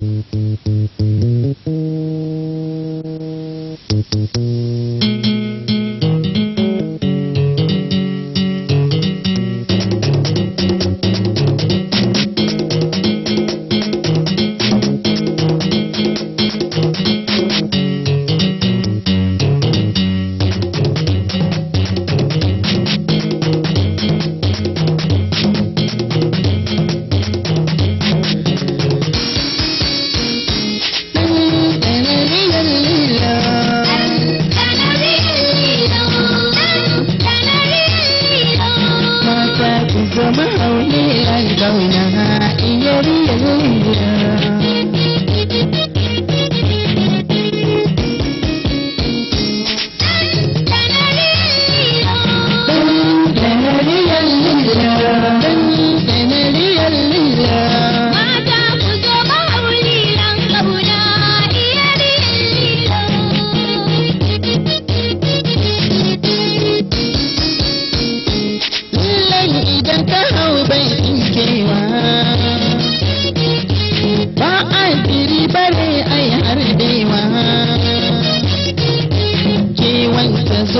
Thank you.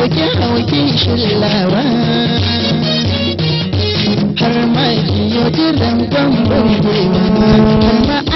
ki hau kishin lawa har ma jiyo jiran gwamgwam gwiwa har ma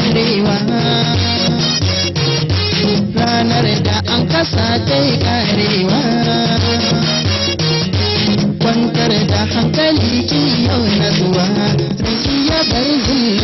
karewa ranar da an kasa ta karewa kwantar da hankali ki yau na zuwa riki ya bar zuri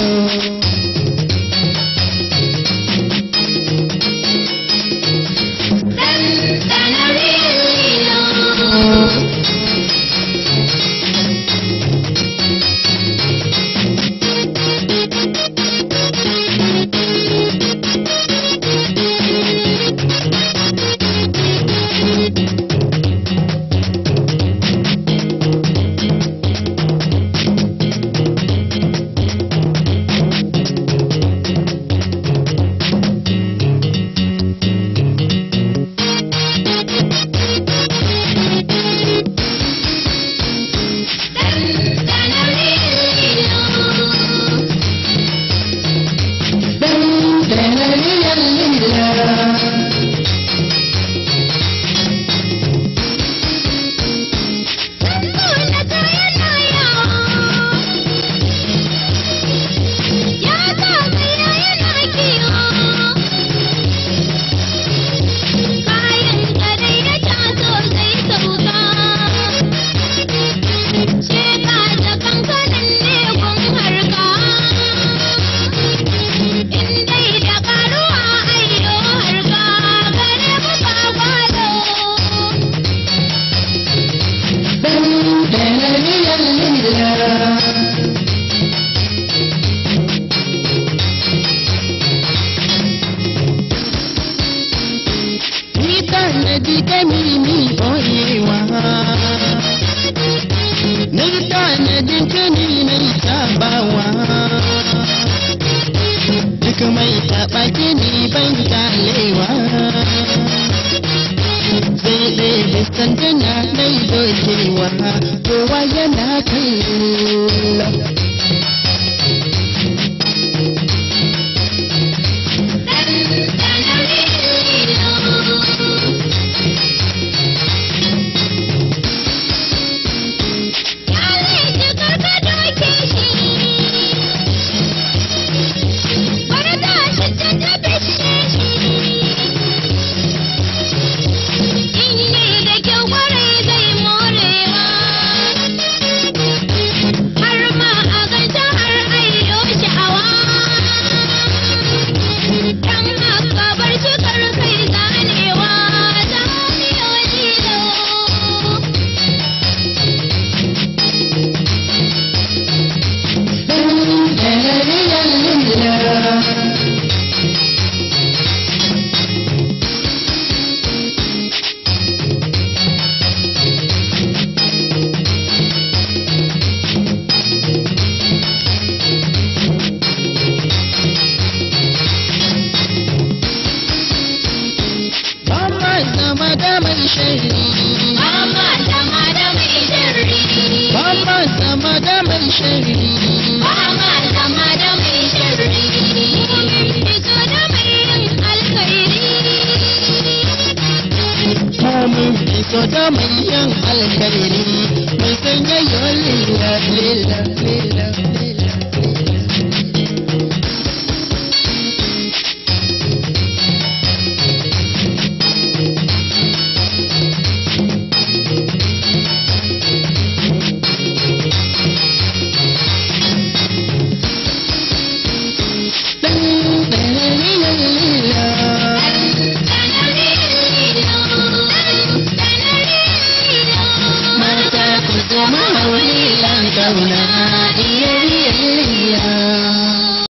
sanadinka ne mai sabawa duk mai taɓa ke ne ban kalewa zai ɗaya jana mai dokewa kowa yana kai Fito da manyan alkariri, mai sanya yau lila, lila, lila, lila.